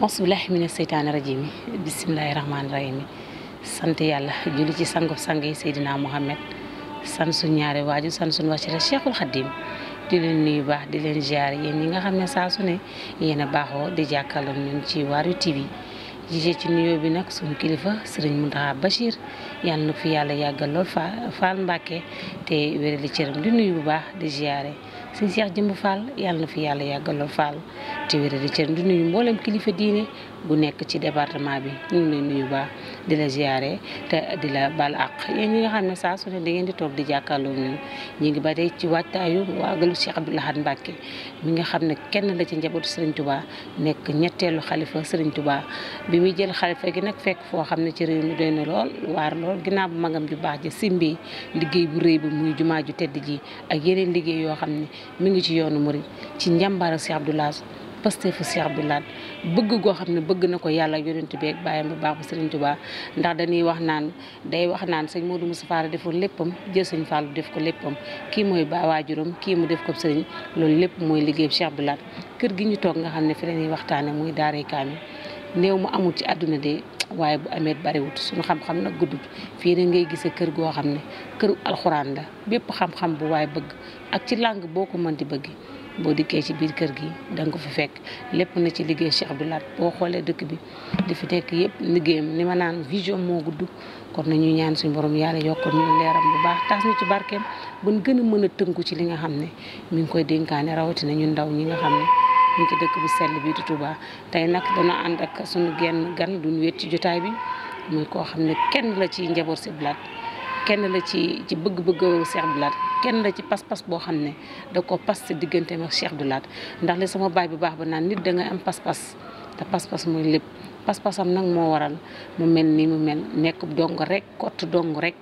bismillahi mina min rajim yi bisimilahi rahmaani rahim yi sant yàlla julli ci sangub sang yi Seydina Mohamed sant suñ ñaari waaju sant suñ wasila Cheikhul Khadim di leen nuyu baax di leen ziar yéen ñi nga xam ne saa su ne yéen a baaxoo di jàkkaarloo ñun ci Waarwi TV jigee ci nuyoo bi nag suñu kilifa sëriñ Mountakha Bachir yàlla na fi yàlla yàggal lool fa Fall te wérali cëram di nuyu bu baax di ziare suñ seex jëmb Fall yàlla na yàlla yàggal lool Fall te wérali cëram di mboolem kilifa diine bu nekk ci departement bi ñu ngi lay nuyu baax di la ziare te di la bal àq yéen ñi nga xam ne su ne da ngeen di toog di jàkkaarloo ñun ñu ngi ba tey ci waajtaayu waagalu Cheikh Abdou Lahad Mbàkke mi nga xam ne kenn la ci njabootu Serigne Touba nekk ñetteelu xalifa Serigne Touba bi muy jël xalifa gi nag fekk foo xam ne ci réew mi doy na lool waar lool lool ginnaaw bu magam ju baax ja simbee liggéey bu rëy bi muy jumaa ju tedd ji ak yeneen liggéey yoo xam ne mu ngi ci yoonu murid ci njàmbaara du Abdou Lahad pasteefu Cheikh Abdou laat bëgg goo xam ne bëgg na ko yàlla yonent bi ak bàyyam bu baax bu Serigne Touba ndax dañuy wax naan day wax naan sëñ Modou Moustapha defoon léppam jël sëñ Fallou def ko léppam kii mooy ba waajuram kii mu def ko Serigne loolu lépp mooy liggéey Cheikh Abdou laat kër gi ñu toog nga xam ne fi la ñuy waxtaane muy daaree kaamil néew mu amul ci àdduna de waaye bu amee bariwut suñu xam-xam nag gudd fii ne ngay gisee kër goo xam ne këru alxuraan la bépp xam-xam bu waaye bëgg ak ci làng boo ko mën di bëgg boo dikkee ci biir kër gi da ko fi fekk lépp na ci liggéey Cheikh Abdou laat boo xoolee dëkk bi di fi nekk yëpp liggéeyam ni ma naan vision moo gudd kon nañu ñaan suñu borom yàlla yokkal ñu leeram bu baax taas ñu ci barkeem ban gën a mën a tënku ci li nga xam ne mi ngi koy dénkaane rawatina ñu ndaw ñi nga xam ne mu ci dëkk bi sell bi di Touba tey nag dana ànd ak sunu genn gan duñ wéet ci jotaay bi muy koo xam ne kenn la ci njaboot si blaat kenn la ci ci bëgg-bëgg Cheikh Abdou Lahad kenn la ci pas-pas boo xam ne da ko pas sa diggante ak Cheikh Abdou ndax li sama baay bu baax ba naan nit da nga am pas-pas te pas-pas mooy lépp pas-pasam nag moo waral mu mel nii mu mel nekk dong rek kott dong rek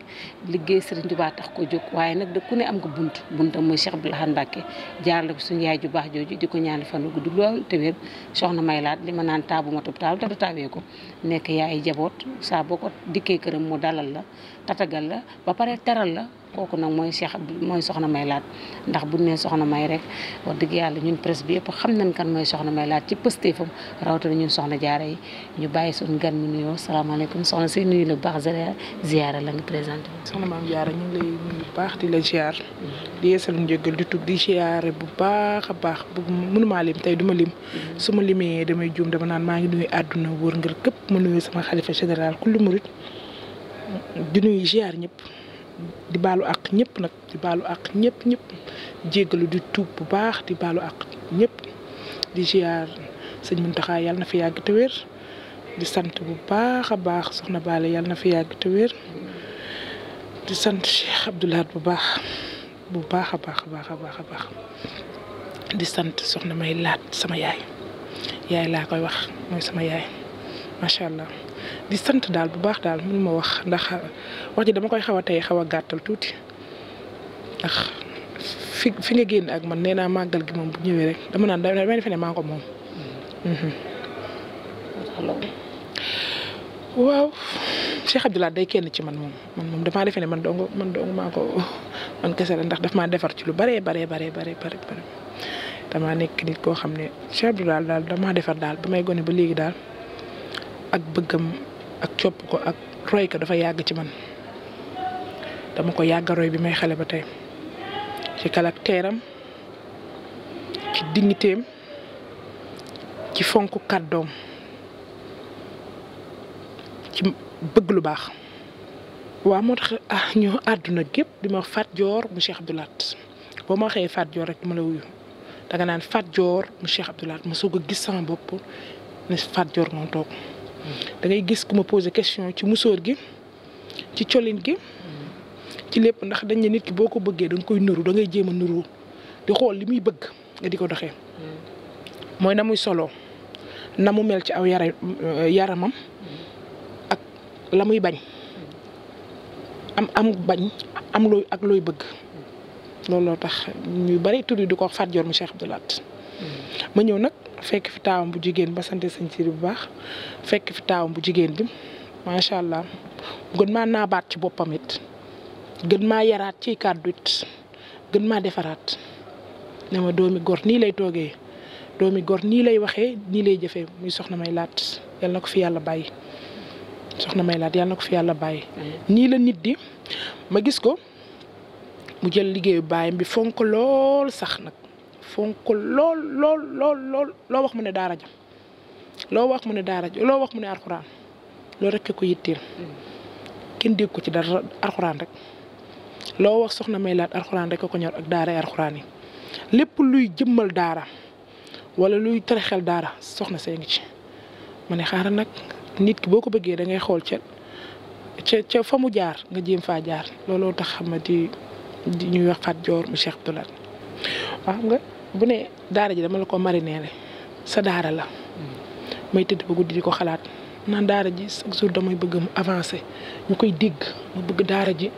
liggéey Serigne Touba tax ko jóg waaye nag da ku ne am nga bunt buntam muy Cheikh Abdou Lahad Mbacké jaar la ko suñu yaay ju baax jooju di ko ñaani fan gudd lool te wér soxna may laat li ma naan taabu ma tub taabu te du taabee ko nekk yaay jaboot saa boo ko dikkee këram mu dalal la tatagal la ba pare teral la kooku nag mooy Cheikh mooy soxna May Laat ndax buñ nee soxna May rek oo dëgg yàlla ñun presse bi yëpp xam nañ kan mooy soxna May Laat ci pëstéefam rawatina ñun soxna jaara yi ñu bàyyi suñu gan mu nuyoo salaamaaleykum soxna si nuyu la bu baax ziyaara la présenté soxna maam jaara ñu ngi lay nuyu di la ziar di yeesal njëgal di tub di ziyaare bu baax a baax bu maa lim tey duma lim mm-hmm. su ma limee damay juum dama naan maa ngi nuyu àdduna wërngal képp ma nuyu sama xalifa général kullu murit di nuyu ziar ñëpp di baalu àq ñëpp nag di baalu àq ñëpp ñëpp jéggalu di tuub bu baax di baalu àq ñëpp di ziar sëñ Muntaxa yàlla na fi yàgg te wér di sant bu baax a baax soxna Bale yàlla na fi yàgg te di sant bu baax bu baax a baax a baax a baax a baax di sant soxna may laat sama yaay yaay laa koy wax mooy sama yaay macha allah. di sant daal bu baax daal mun ma wax ndax wax ji dama koy xaw a tey xaw a gàttal tuuti ndax fi fi nga génn ak man nee naa màggal gi moom bu ñëwee rek dama naan damay defe ne moom. Mhm. waaw Cheikh Abdoulaye kenn ci man moom man moom defe ne man dong man dong maa ko man kese la ndax daf maa defar ci lu baree baree baree baree baree damaa nekk nit koo xam ne Cheikh Abdoulaye daal damaa defar daal ba may gone ba léegi daal ak bëggam. ak copp ko ak roy ko dafa yàgg ci man dama ko yàgg roy bi may xale ba tey ci caractère am ci dignité ci fonk kàddoom ci bëgg lu baax waaw moo tax ah ñu àdduna gépp di ma Fat Dior mu Cheikh Abdou boo ma waxee Fat Dior rek ma la wuyu danga naan Fat Dior mu Cheikh Abdou ma soog a gis sama bopp ne Fat Dior moom toog da ngay gis ku ma posé question ci musóor gi ci colin gi ci lépp ndax dañ ne nit ki boo ko bëggee danga koy nuru da ngay jéem a nuru di xool li muy bëgg nga di ko doxee. mooy na muy solo na mu mel ci aw yara yaramam ak la muy bañ am am bañ am looy ak looy bëgg looloo tax ñu bari tur yi ko wax Fatou mu Cheikh Abdou ma ñëw nag fekk fi taawam bu jigéen ba sant sëñ Sidi bu baax fekk fi taawam bu jigéen bi macha allah gën maa naabaat ci boppam it gën maa yaraat ci kàddu it gën maa defaraat dama ma doomi gor nii lay toogee doomi gor nii lay waxee nii lay jëfee muy soxna may laat yal na ko fi yàlla bàyyi soxna may laat yal na ko fi yàlla bàyyi. nii la nit di ma gis ko mu jël liggéeyu baayam bi fonk lool sax nag. fonk lool lool lool lool loo wax mu ne daara jam loo wax mu ne daara jam loo wax mu ne alxuraan loolu rek ko yitteel kenn dégg ko ci dara alxuraan rek loo wax soxna may laat alxuraan rek ko ñor ak daara alxuraan yi lépp luy jëmmal daara wala luy tere xel daara soxna see ngi ci ma ne xaaral nag nit ki boo ko bëggee da ngay xool ca ca ca fa mu jaar nga jéem faa jaar looloo tax xam di ñuy wax Fat Joor mu Cheikh Abdoulaye waaw nga bu ne daara ji dama la ko marineere sa daara la may tëdd ba guddi di ko xalaat naan daara ji chaque jour damay bëgg mu avancer ñu koy dégg ma bëgg daara ji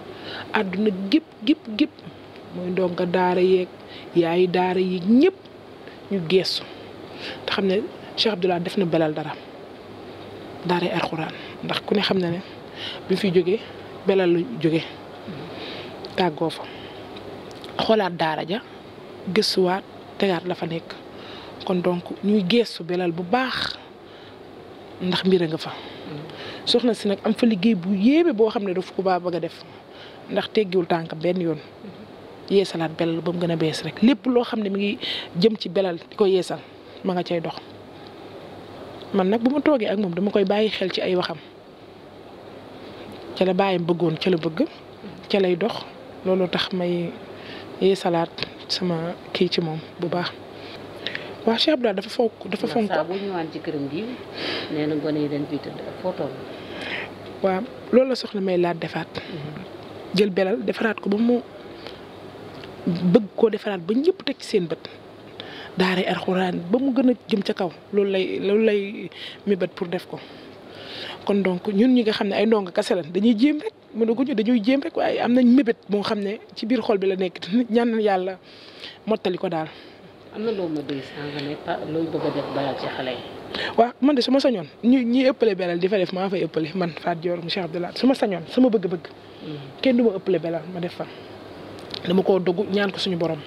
àdduna gépp gépp gépp mooy ndonga daara yeeg yaayu daara yi ñëpp ñu geesu te xam ne Cheikh Abdoulaye def na belal dara daara yi alxuraan ndax ku ne xam na ne bi fi jógee belal lu jóge tàggoo fa xoolaat daara ja gëstuwaat tegaat la fa nekk kon donc ñuy geestu belal bu baax ndax mbir nga fa soxna si nag am fa liggéey bu yéeme boo xam ne daf ko baa bëgg a def ndax teggiwul tànk benn yoon yeesalaat belal ba mu gën a bees rek lépp loo xam ne mi ngi jëm ci belal di ko yeesal ma nga cay dox man nag bu ma toogee ak moom dama koy bàyyi xel ci ay waxam ca la bàyyam bëggoon ca la bëgg ca lay dox loolu tax may yeesalaat sama kii ci moom bu baax waaw Cheikh Abdoulaye dafa fonk dafa fonk saa bu ñëwaan ci këram gi nee na gone yi dañ fiy tëdd ak photo waaw loolu la soxla may laat defaat mhm. jël belal defaraat ko ba mu bëgg koo defaraat ba ñëpp teg ci seen bët daare alxuraan ba mu gën a jëm ca kaw loolu lay loolu lay mébét pour def ko kon donc ñun ñi nga xam ne ay ndongo kase lan dañuy jéem rek mënaguñu dañuy jéem rek waaye am nañ mébét moo xam ne ci biir xol bi la nekk ñaan yàlla mottali ko daal. am na loo ma dégg sànq ne waaw man de su ma sañoon ñu ëppale belal di maa fay ëppale man Fatou Dior monsieur Abdoulaye su ma sañoon sama bëgg-bëgg. Mm-hmm. kenn du ma ëppale belal ma def fa. dama koo dogu ñaan ko suñu borom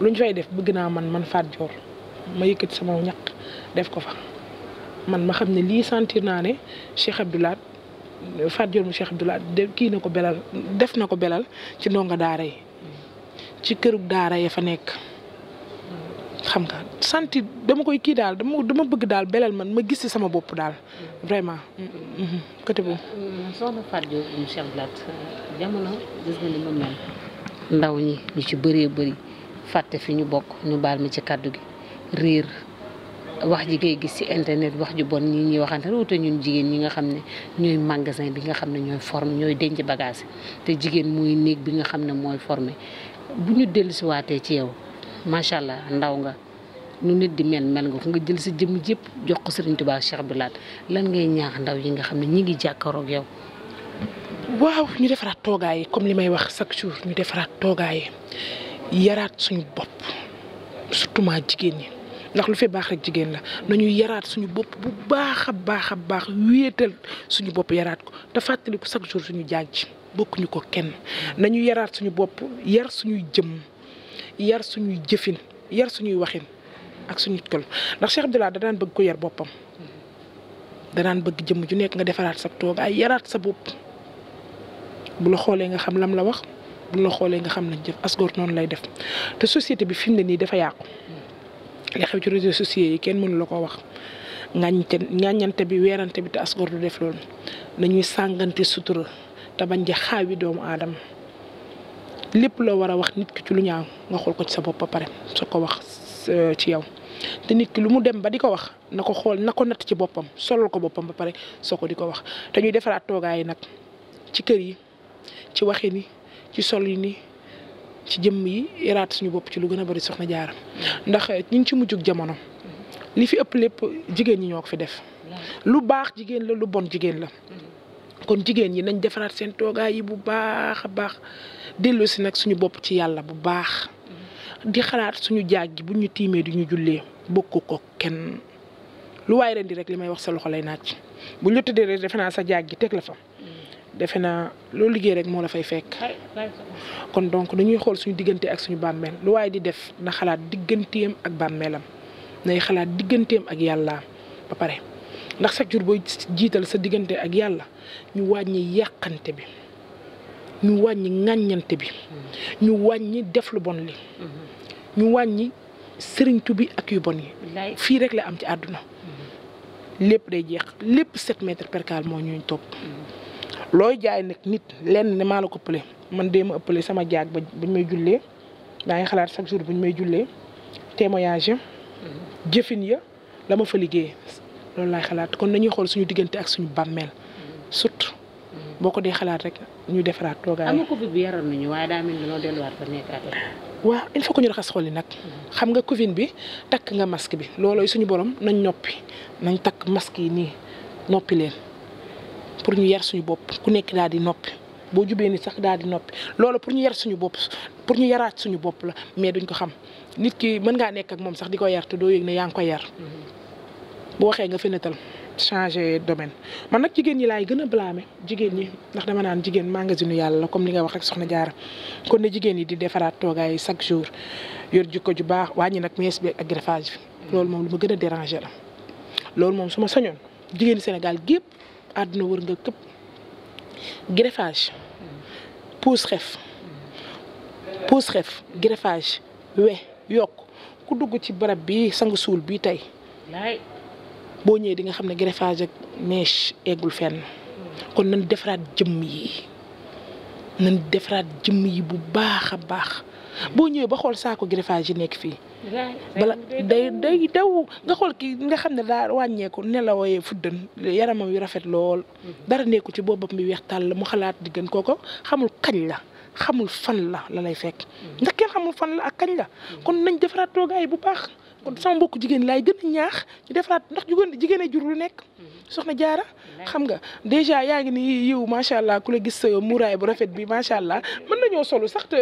lu ñu fay def bëgg naa man man Fatou joor ma yëkkati sama ñaq def ko fa man ma xam ne lii sentir naa ne Cheikh Abdoulaye Fatou Dior mu Cheikh Abdoulaye kii na ko belal def na ko belal ci ndongo daara yi ci kërug daara yi fa nekk. xam nga santi dama koy kii daal dama dama bëgg daal belal man ma gis ci sama bopp daal vraiment. Mhm, côté boobu. Euh, soxna Fatou Dior mu ndaw ñi ñu ci bëree bëri fàtte fi ñu bokk ñu baal ma ci kàddu gi réer. wax ji ngay gis ci internet wax ju bon ñi ñuy waxante wuute ñun jigéen ñi nga xam ne ñooy magasin bi nga xam ne ñooy forme ñooy denc bagage te jigéen mooy néeg bi nga xam ne mooy formé bu ñu dellusiwaatee ci yow macha allah ndaw nga nu nit di mel mel nga ko nga jël sa jëm yëpp jox ko Serigne Touba Cheikh Bilal lan ngay ñaax ndaw yi nga xam ne ñi ngi jàkkaaroog yow. waaw ñu defaraat toogaay yi comme li may wax chaque jour ñu defaraat toogaay yi yaraat suñu bopp surtout ma jigéen ñi. ndax lu fi baax rek jigéen la nañuy yaraat suñu bopp bu baax a baax a baax wéetal suñu bopp yaraat ko te fàttaliku chaque jour suñu jaaj bokkuñu ko kenn nañu yaraat suñu bopp yar suñuy jëm yar suñuy jëfin yar suñuy waxin ak suñu kol ndax Cheikh Abdoulaye da daan bëgg ko yar boppam danaan bëgg jëmm ju nekk nga defaraat sa toog ay yaraat sa bopp bu la xoolee nga xam lam la wax bu la xoolee nga xam lañ jëf asgoor noonu lay def te société bi fi mu ne nii dafa yàqu li xew ci réseaux sociaux yi kenn mënu la ko wax ngàññante ngàññante bi weerante bi te asgor du def loolu nañuy sàngante sutura te bañ ja xaawi doomu aadama lépp loo war a wax nit ki ci lu ñaaw nga xool ko ci sa bopp ba pare su ko wax euh, ci yow te nit ki lu mu dem ba di ko wax na ko xool na ko natt ci boppam solal ko boppam ba pare soo ko di ko wax te ñuy defaraat toogaay yi nag ci kër yi ci waxin yi ci sol yi nii ci jëmm yi yaraat suñu bopp ci lu gën a bari soxna jaaram ndax ñu ci mujjug jamono li fi ëpp lépp jigéen ñi ñoo ko fi def lu baax jigéen la lu bon jigéen la kon jigéen ñi nañ defaraat seen toogaay yi bu baax a baax dellu si nag suñu bopp ci yàlla bu baax di xalaat suñu jaag gi bu ñu tiimee du ñu jullee bokku ko kenn lu waay ren di rek li may wax sa loxo lay naaj bu ñu la tëddee rek defe naa sa jaag gi teg la fa. defe naa loo liggéey rek moo la fay fekk kon donc dañuy xool suñu diggante ak suñu bàmmeel lu waaye di def na xalaat digganteem ak bàmmeelam nay xalaat digganteem ak yàlla ba pare ndax chaque jour booy jiital sa diggante ak yàlla ñu wàññi yàqante bi ñu wàññi ŋàññante bi ñu wàññi def lu bon li ñu wàññi sëriñtu bi ak yu bon yi fii rek la am ci àdduna lépp day jeex lépp sept mètres percal moo ñuy topp looy jaay nag nit lenn ne maa la ko ëppale man dee ma ëppale sama jaag ba buñ may jullee daa ngi xalaat chaque jour ñu may jullee témoignage mm-hmm. jëfin ya la ma fa liggéey loolu laay xalaat kon nañuy xool suñu diggante ak suñu bàmmeel mm-hmm. surtout mm-hmm. boo ko dee xalaat rek ñu defaraat toogaay. am na Covid bi yaroon nañu waaye daa mel ni loo delluwaat ba nekkaat waaw il faut que ñu raxas xol yi nag. xam nga Covid bi takk nga masque bi loolooy suñu borom nañ noppi nañ takk masque yi nii noppi leen. pour ñu yar suñu bopp ku nekk daal di noppi boo jubee ni sax daal di noppi loolu pour ñu yar suñu bopp pour ñu yaraat suñu bopp la mais duñ ko xam nit ki mën ngaa nekk ak moom sax di ko yar te doo yëg ne yaa ngi ko yar. Mm-hmm. bu waxee nga fenetal changer domaine man nag jigéen ñi laay gën a blâmer jigéen ñi ndax dama naan jigéen magasinu yàlla la comme li nga wax ak soxna jaara kon ne jigéen yi di defaraat toogaay chaque jour yor jikko ju baax wàññi nag mees bi ak greffage mm-hmm. loolu moom lu gën a déranger la loolu moom su ma sañoon jigéen Sénégal gépp àdduna wër nga këpp greffage pousse xef pousse xef we yokk ku dugg ci barab bi sangu suul bi tey boo ñëwee di nga xam ne greffage ak mèche eggul fenn kon nañ defaraat jëmm yi nañ defaraat jëmm yi bu baax a baax boo ñëwee ba xool saako greffage yi nekk fii bala day day daw nga xool kii nga xam ne daa wàññeeku nelawooyee fuddan yaramam yu rafet lool dara nekku ci boobam bi weex tàll mu xalaat di gën kooko xamul kañ la xamul fan la la lay fekk ndax kenn xamul fan la ak kañ la kon nañ defaraat toogaay bu baax kon sama mbokk jigéen laay gën a ñaax ñu defaraat ndax jigéen jigéen a jur lu nekk mhm. soxna jaara xam nga dèjà yaa ngi ni yiw macha allah ku la gis sa muuraay bu rafet bi macha allah mën ñëw solu sax te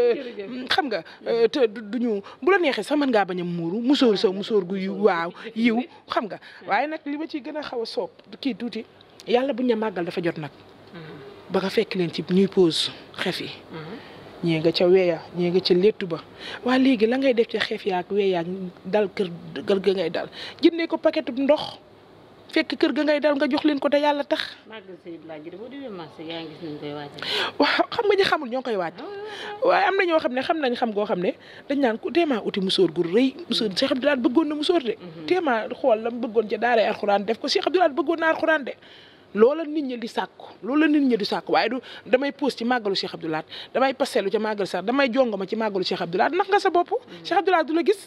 mm, xam nga euh, du ñu bu la neexee sax mën ngaa bañ a muuru musóor sa musóor gu waaw yiw xam nga waaye nag li ma ciy gën a xaw a soob kii tuuti yàlla buñ a màggal dafa jot nag mhm. ba nga fekk leen ci ñuy pause xef yi mhm. ñii nga ca weya ñii nga ca léttu ba waa léegi la ngay def ca xeef yaak weyaak dal kër kër ga ngay dal jëndee ko paquet ndox fekk kër ga ngay dal nga jox leen ko te yàlla tax. waaw xam nga ñi xamul ñoo koy waaj. waaye am na ñoo xam ne xam nañ xam goo xam ne dañ ñaan ku téemaa uti musóor gu rëy musóor Cheikh Abdoulaye bëggoon na musóor de. Mhm. téemaa xool la bëggoon ca daaray alxuraan def ko Cheikh Abdoulaye bëggoon na alxuraan de. loola nit ñi di sàkku loola nit ñi di sàkku waaye du damay puus ci màggalu Cheikh Abdou Lahad damay pasteelu ca màggalu sax damay jongoma ci màggalu Cheikh Abdou Lahad nax nga sa bopp mm-hmm. Cheikh Abdou du la gis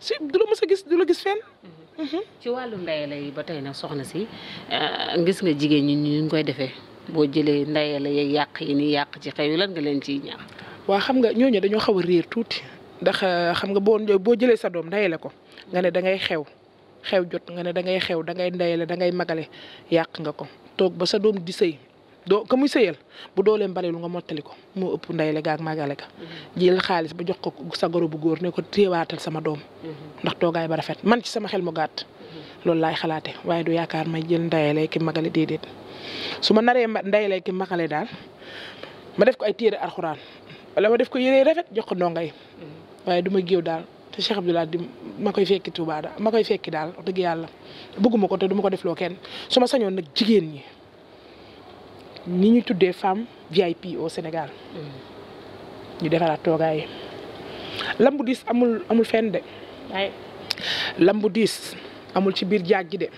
si du la mës a gis du la gis fenn mm-hmm. Mm-hmm. ci wàllu ndayale yi ba tey nag soxna si eh, gis nga jigéen ñi ñu koy defee boo jëlee ndayale yay yàq yi ni yàq ci xew yi lan nga leen ci ñaax waa xam nga ñooñu dañoo xaw a réer tuuti ndax eh, xam nga boo boo jëlee sa doom la ko nga ne da ngay xew xew jot nga ne da ngay xew da ngay ndeyale da ngay magale yàq nga ko toog ba sa doom di sëy doo ka muy sëyal bu doolee lu nga mottali ko moo ëpp ndeyale ga ak magale ka mm-hmm. jël xaalis ba jox ko sa goro bu góor ne ko téewaatal sama doom mm-hmm. ndax toogaay ba rafet man ci sama xel mu gàtt mm-hmm. loolu laay xalaate waaye du yaakaar may jël ndeyale ki magale déedéet su ma naree ndeyale ki magale daal ma def ko ay téere alxuraan wala ma def ko yére rafet jox ko ndongo waaye du ma géew te Cheikh Abdoul Ahad di ma koy fekki Touba ma koy fekki daal wax dëgg bëgguma ko te duma ko defloo kenn su ma sañoon nag jigéen ñi ni ñu tuddee femme VIP au Sénégal ñu defaraat toogaay lambu diis amul amul fenn de. lambu diis amul ci biir jaag ji de.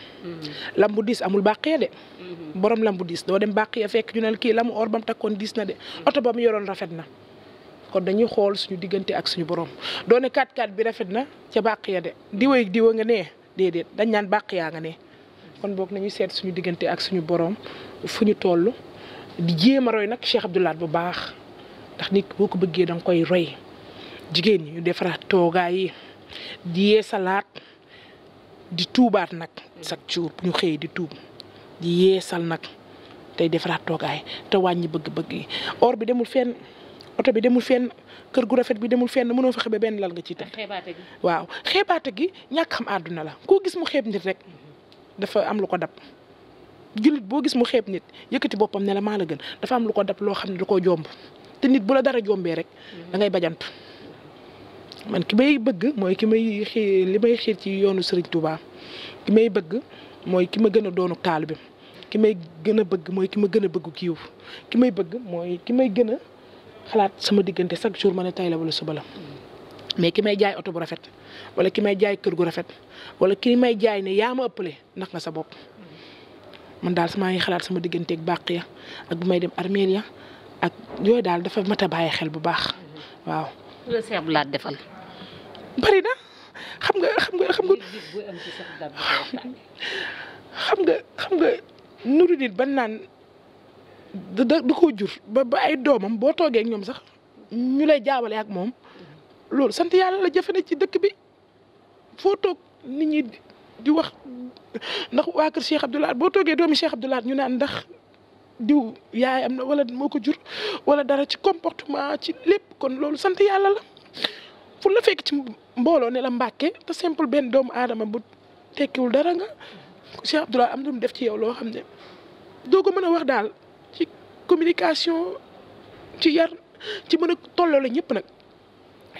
lambu diis amul bàqee de. Mhm. borom lambu diis doo dem bàqee fekk ñu ne kii lamu or ba mu takkoon diis na de oto ba mu yoroon rafet na. kon dañuy xool suñu diggante ak suñu borom doone 4-4 bi rafet na ca bàq ya de diwa ak diwa nga nee déedéet dañ naan bàq yaa nga ne kon boog nañu seet suñu diggante ak suñu borom fu ñu toll di jéem a roy nag Cheikh Abdou Lahad bu baax ndax nit boo ko bëggee danga koy roy jigéen ñi ñu defaraat toogaay yi di yeesalaat di tuubaat nag chaque jour bu ñu xëyee di tuub di yeesal nag tey defaraat toogaay te wàññi bëgg-bëgg yi or bi demul fenn. oto bi demul fenn kër gu rafet bi demul fenn mënoo fexe ba benn lal nga ciy tëdd. waaw xeebaate gi ñàkk xam àdduna la koo gis xeeb nit rek dafa am lu ko dab. jullit boo gis mu xeeb nit yëkkati boppam ne la maa la gën dafa am lu ko dab loo xam ne du koo jomb te nit bu la dara jombee rek mhm. da ngay bajantu man ki may bëgg mooy ki may xii li may xiir ci yoonu Serigne Touba ki may bëgg mooy ki ma gën a doonu taalibeem ki may gën a bëgg mooy ki ma gën a bëgg kiiw ki may bëgg mooy ki may gën a xalaat sama diggante chaque jour ma ne tey la wala suba la mais ki may jaay oto bu rafet wala ki may jaay kër gu rafet wala ki may jaay ne yaa ma ëppale nax nga sa bopp man daal maa ngi xalaat sama diggante digganteeg bàq ya ak bu may dem armeel ya ak yooy daal dafa mat a xel bu baax waaw. la Cheikh Abdou Lahad na xam nga xam nga xam nga xam nga xam nga nuru nit ban naan. da da koo jur ba ba ay doomam boo toogee ñoom sax ñu lay jaabale ak moom loolu sant yàlla la jafe na ci dëkk bi foo toog nit ñi di wax ndax waa kër Cheikh Abdoulaye boo toogee doomi Cheikh Abdoulaye ñu naan ndax diw yaay am na wala moo ko jur wala dara ci comportement ci lépp kon loolu sant yàlla la fu la fekk ci mbooloo ne la mbàkke te simple benn doomu aadama bu tekkiwul dara nga Cheikh Abdoulaye am lu mu def ci yow loo xam ne doo ko mën a wax daal. ci communication ci yar ci mën a tollale ñëpp nag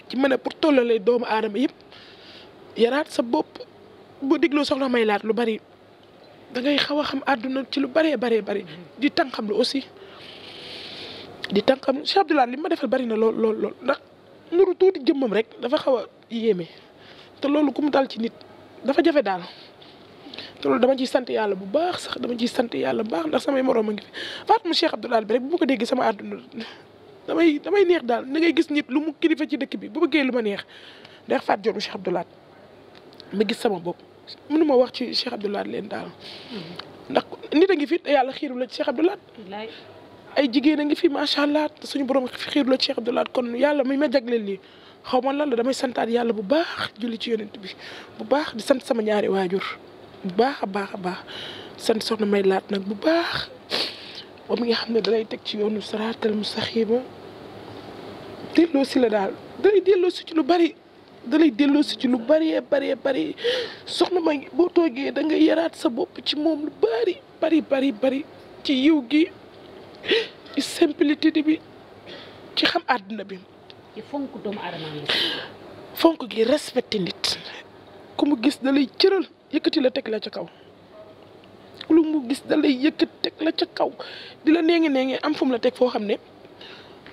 ci mën a pour tollale doomu aadama yëpp yaraat sa bopp boo dégloo soxna may laat lu bari da ngay xaw a xam àdduna ci lu bëree bëree bari di tanqam lu aussi di tànqam Cheikh Abdoulaye li ma defal bari na lool lool lool ndax nuru tuuti jëmmam rek dafa xaw a yéeme te loolu ku mu dal ci nit dafa jafe daal. loolu dama ciy sant yàlla bu baax sax dama ciy sant yàlla bu baax ndax samay moroom a ngi fi Fatou Cheikh Abdoulaye bi bu ma ko déggee sama àdduna damay damay neex daal da ngay gis nit lu mu kilifa ci dëkk bi bu bëggee lu ma neex ndax Fatou Diop Cheikh Abdoulaye ma gis sama bopp mënu ma wax ci Cheikh Abdoulaye leen daal ndax nit a ngi fi yàlla xiiru la ci Cheikh Abdoulaye ay jigéen a ngi fi macha allah suñu borom xiiru la ci Cheikh Abdoulaye kon yàlla mi ma jagleel lii xaw ma lan la damay santaat yàlla bu baax julli ci yonent bi bu baax di sant sama ñaari waajur bu baax a baax a baax sant soxna may laat nag bu baax ba mi nga xam ne dalay teg ci yoonu saraatal mu saxiima delloo si la daal dalay delloo ci lu bari dalay delloo ci lu bari bari bari soxna may boo toogee da nga yaraat sa bopp ci moom lu bari bari bari bari ci yiw gi ci simplicité bi ci xam àdduna bi. ci fonk doomu aadama fonk gi respecté nit ku mu gis dalay cëral. yëkkati la teg la ca kaw lu mu gis da lay teg la ca kaw di la neenge neenge am fu mu la teg foo xam ne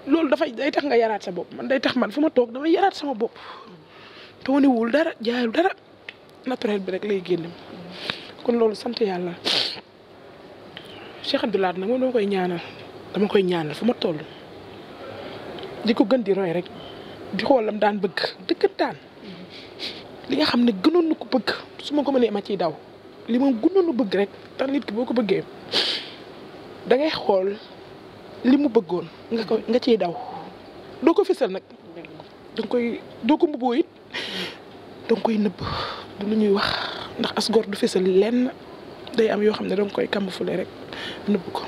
loolu dafay day tax nga yaraat sa bopp man day tax man fu ma toog damay yaraat sama bopp te dara jaayul dara naturel bi rek lay génn kon loolu sant yàlla Cheikh Abdou Lahad nag moom dama koy ñaanal dama koy ñaanal fu ma toll di ko gën di roy rek di xoolam daan bëgg dëkk li nga xam ne gënoon na ko bëgg su ma ko mënee ma ciy daw li moom gënoon na bëgg rek ndax nit ki boo ko bëggee da ngay xool li mu bëggoon nga ko nga ciy daw doo ko fësal nag danga koy doo ko mbubboo it danga koy nëbb du lu ñuy wax ndax as gor du fësal lenn day am yoo xam ne danga koy camoufler rek nëbb ko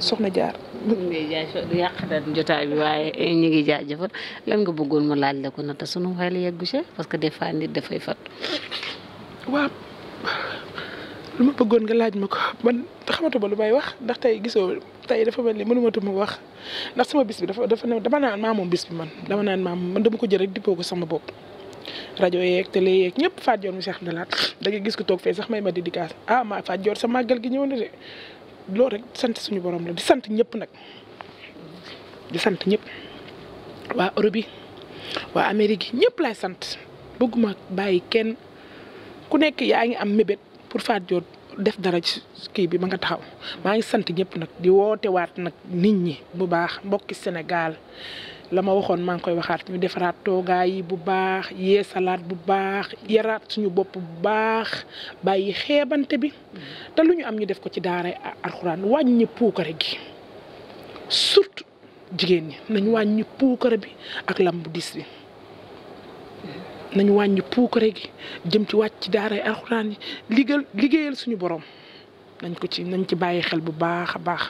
soxna jaar. du yàq daal jotaay bi waaye ñu ngi jaajëfal lan nga bëggoon ma laaj la ko na te sunu xel yeggu si parce que des fois nit dafay fat waaw lu ma bëggoon nga laaj ma ko man xamatuma lu may wax ndax tey gisoo tey dafa mel ni mënumatuma wax ndax sama bis bi dafa dafa dama naan maa moom bis bi man dama naan maa moom man dama ko jël rek dippoo sama bopp. rajo yeeg te yeeg ñëpp Fatou Dior mu Cheikh Ndalaat da ngay gis ko toog fee sax may ma dédicace ah maa Fatou Dior sa màggal gi ñëw na de loolu rek sant suñu boroom la di sant ñëpp nag di sant ñëpp waa Europe yi waa Amérique yi ñëpp laay sant bëgguma bàyyi kenn ku nekk yaa ngi am mébét pour Fatou Diop def dara ci kii bi ma nga taxaw maa ngi sant ñëpp nag di woote waat nag nit ñi bu baax mbokki Sénégal la ma waxoon maa ngi koy waxaat ñu defaraat toogaay bu baax salaat bu baax yaraat suñu bopp bu baax bàyyi xeebante bi te lu ñu am ñu def ko ci daara alxuraan wàññi puukare gi surtout jigéen ñi nañu wàññi puukare bi ak lam bu bi nañu wàññi puukare gi jëm ci wàcc ci daara alxuraan yi liggéeyal suñu boroom nañ ko ci nañ ci bàyyi xel bu baax a baax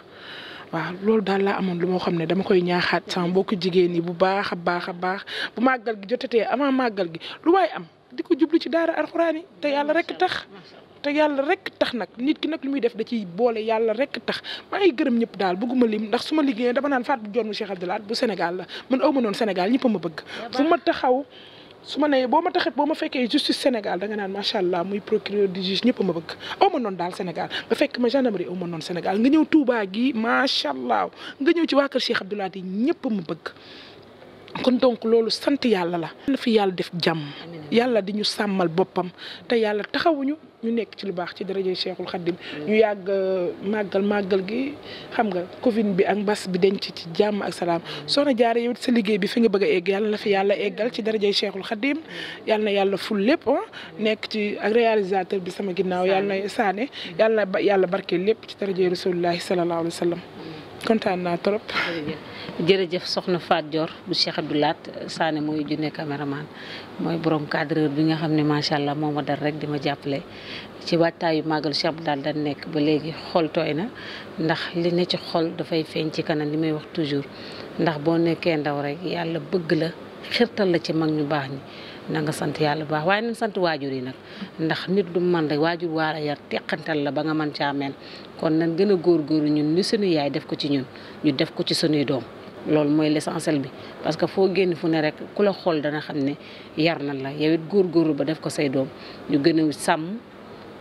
waaw loolu daal laa amoon lu moo xam ne dama koy ñaaxaat sama mbokku jigéen ñi bu baax a baax a baax bu màggal gi jotatee avant màggal gi lu waaye am di ko jublu ci daara alxuraan yi te yàlla rek tax. te yàlla rek tax nag nit ki nag lu muy def da ciy boole yàlla rek tax maa gërëm ñëpp daal bëgguma lim ndax su ma liggéeyee dama naan faat bu joon mu Cheikh Abdoulaye bu Sénégal la man aw ma noonu Sénégal ñëpp a ma bëgg fu ma taxaw su ma nee boo ma taxit boo ma fekkee justice Sénégal danga naan macha allah muy procureur du juge ñëpp ma bëgg aw ma noonu daal Sénégal ba fekk ma gendarmerie aw ma noonu Sénégal nga ñëw Touba gi macha allah nga ñëw ci waa kër Cheikh Abdoulaye yi ñëpp ma bëgg. kon donc loolu sant yàlla la. na fi yàlla def jàmm. yàlla di ñu sàmmal boppam te yàlla taxawuñu. ñu nekk ci lu baax ci daraje Cheikhul Khadim ñu yàgg euh, màggal màggal gi xam nga Covid bi ak mbas bi denc ci jàmm ak salaam soo soxna jaare yow sa liggéey bi fi nga bëgg a egg yàlla na fi yàlla eggal ci daraje Cheikhul Khadim yàlla na yàlla ful lépp ah, nekk ci ak réalisateur bi sama ginnaaw yàlla na saane yàlla yàlla barke lépp ci daraje Rasulullahi sallallahu alayhi wa sallam kontaan naa trop. jërëjëf soxna Fat Dior bu Cheikh Abdou Lahat euh, Sané mooy junne caméraman mooy borom cadreur bi nga xam ne macha allah moo ma dal rek di ma jàppale ci waajtaayu màggalu Cheikh Abdou Lahat dañ nekk ba léegi xol tooy na ndax li ne ci xol dafay feeñ ci kanam li may wax toujours ndax boo nekkee ndaw rek yàlla bëgg la xirtal la ci mag ñu baax ni na sant yàlla bu baax waaye nañ sant waajur yi nag ndax nit du man rek waajur waar a yar teqantal la ba nga man caa mel kon nañ gën góor góorgóorlu ñun ni suñu yaay def ko ci ñun ñu def ko ci suñuy doom loolu mooy l'essentiel bi parce que foo génn fu ne rek ku la xool dana xam ne yar na la yow góor góorgóorlu ba def ko say doom ñu gën a sàmm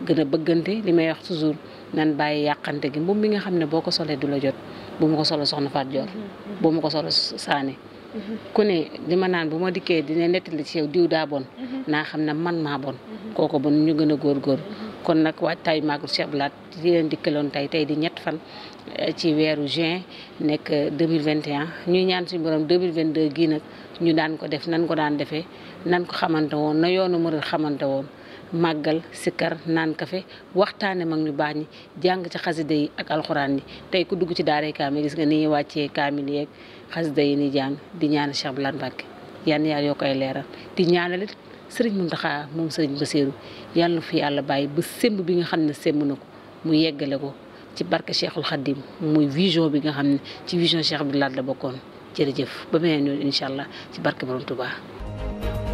gën a bëggante li may wax toujours nan bàyyi yàqante gi mbubb mi nga xam ne boo ko solee du la jot bu ma ko solo soxna Fatou Dior bu ma ko ku ne di ma naan bu ma dikkee dina nettali ci yow diw daa bon naa xam ne man maa bon kooko bon ñu gën a góor kon nag waajtaayu Màggal Cheikh Abdou Lahad di leen dikkaloon tey tey di ñett fan eh, ci weeru juin nekk deux 2021 ñuy ñaan suñu borom 2022 gii nag ñu daan ko def nan ko daan defee nan ko xamante woon na yoonu murit xamante woon màggal sikar naan kafe waxtaane mag ñu baax ñi jàng ci xasida yi ak alxuraan yi tey ku dugg ci daaray kaamil gis nga ni wàccee kaamil yeeg xasida yi ni jàng di ñaan Cheikh Bilane Mbacke yan yaar yoo koy leeral di ñaanalit sëriñ Mountakha moom sëriñ Bassirou yàlla na fi yàlla bàyyi ba semb bi nga xam ne semb na ko mu yeggale ko ci barke Cheikhul Khadim muy vision bi nga xam ne ci vision Cheikh Bilane la bokkoon jërëjëf ba beneen yoon incha allah ci barke Borom Touba